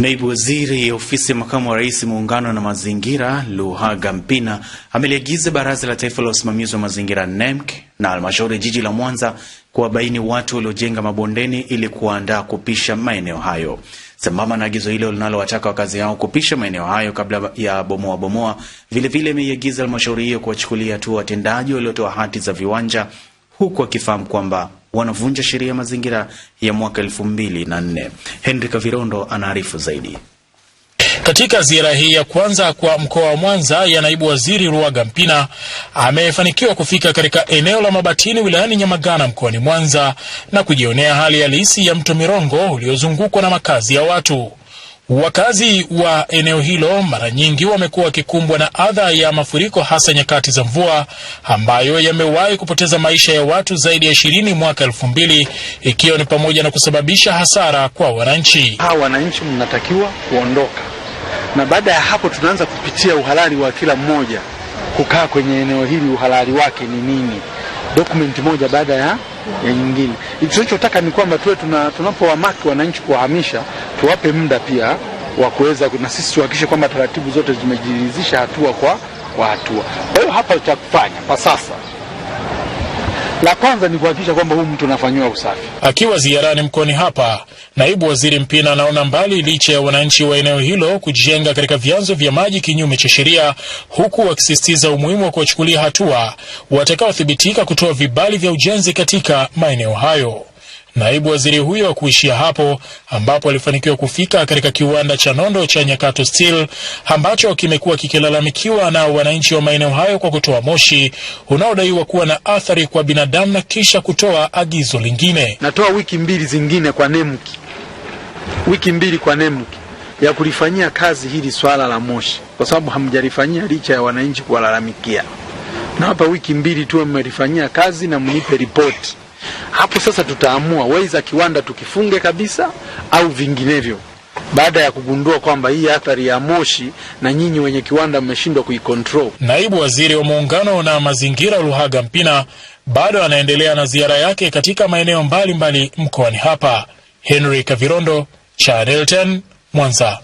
Naibu waziri ofisi ya makamu wa rais muungano na mazingira Luhaga Mpina ameliagiza baraza la taifa la usimamizi wa mazingira NEMC na halmashauri jiji la Mwanza kuwabaini watu waliojenga mabondeni ili kuandaa kupisha maeneo hayo. Sambamba na agizo hilo linalowataka wakazi hao kupisha maeneo hayo kabla ya bomoa bomoa, vilevile ameiagiza halmashauri hiyo kuwachukulia hatua watendaji waliotoa hati za viwanja huku wakifahamu kwamba wanavunja sheria ya mazingira ya mwaka elfu mbili na nne. Henry Kavirondo anaarifu zaidi. Katika ziara hii ya kwanza kwa mkoa wa Mwanza ya naibu waziri Ruaga Mpina amefanikiwa kufika katika eneo la Mabatini wilayani Nyamagana mkoani Mwanza na kujionea hali halisi ya mto Mirongo uliozungukwa na makazi ya watu. Wakazi wa eneo hilo mara nyingi wamekuwa wakikumbwa na adha ya mafuriko hasa nyakati za mvua ambayo yamewahi kupoteza maisha ya watu zaidi ya ishirini mwaka elfu mbili ikiwa ni pamoja na kusababisha hasara kwa wananchi. Hawa wananchi mnatakiwa kuondoka, na baada ya hapo tunaanza kupitia uhalali wa kila mmoja kukaa kwenye eneo hili, uhalali wake ni nini, dokumenti moja baada ya ya nyingine. Tunachotaka ni kwamba tuwe tunapowamaki wananchi kuwahamisha tuwape muda pia wa kuweza na sisi tuhakikishe kwamba taratibu zote zimejiridhisha hatua kwa, kwa hatua. Kwa hiyo hapa cha kufanya kwa sasa la kwanza ni kuhakikisha kwamba huyu mtu anafanyiwa usafi. Akiwa ziarani mkoani hapa, naibu waziri Mpina anaona mbali licha ya wananchi wa eneo hilo kujenga katika vyanzo vya maji kinyume cha sheria, huku wakisisitiza umuhimu wa kuwachukulia hatua watakaothibitika kutoa vibali vya ujenzi katika maeneo hayo. Naibu waziri huyo hakuishia hapo, ambapo alifanikiwa kufika katika kiwanda cha nondo cha Nyakato Steel ambacho kimekuwa kikilalamikiwa na wananchi wa maeneo hayo kwa kutoa moshi unaodaiwa kuwa na athari kwa binadamu na kisha kutoa agizo lingine. Natoa wiki mbili zingine kwa Nemki, wiki mbili kwa Nemki ya kulifanyia kazi hili swala la moshi, kwa sababu hamjalifanyia licha ya wananchi kuwalalamikia. Nawapa wiki mbili tu mmelifanyia kazi na mnipe ripoti. Hapo sasa tutaamua waiza kiwanda tukifunge kabisa au vinginevyo, baada ya kugundua kwamba hii athari ya moshi na nyinyi wenye kiwanda mmeshindwa kuikontrol. Naibu Waziri wa Muungano na Mazingira Luhaga Mpina bado anaendelea na ziara yake katika maeneo mbalimbali mkoani hapa. Henry Kavirondo, Channel 10, Mwanza.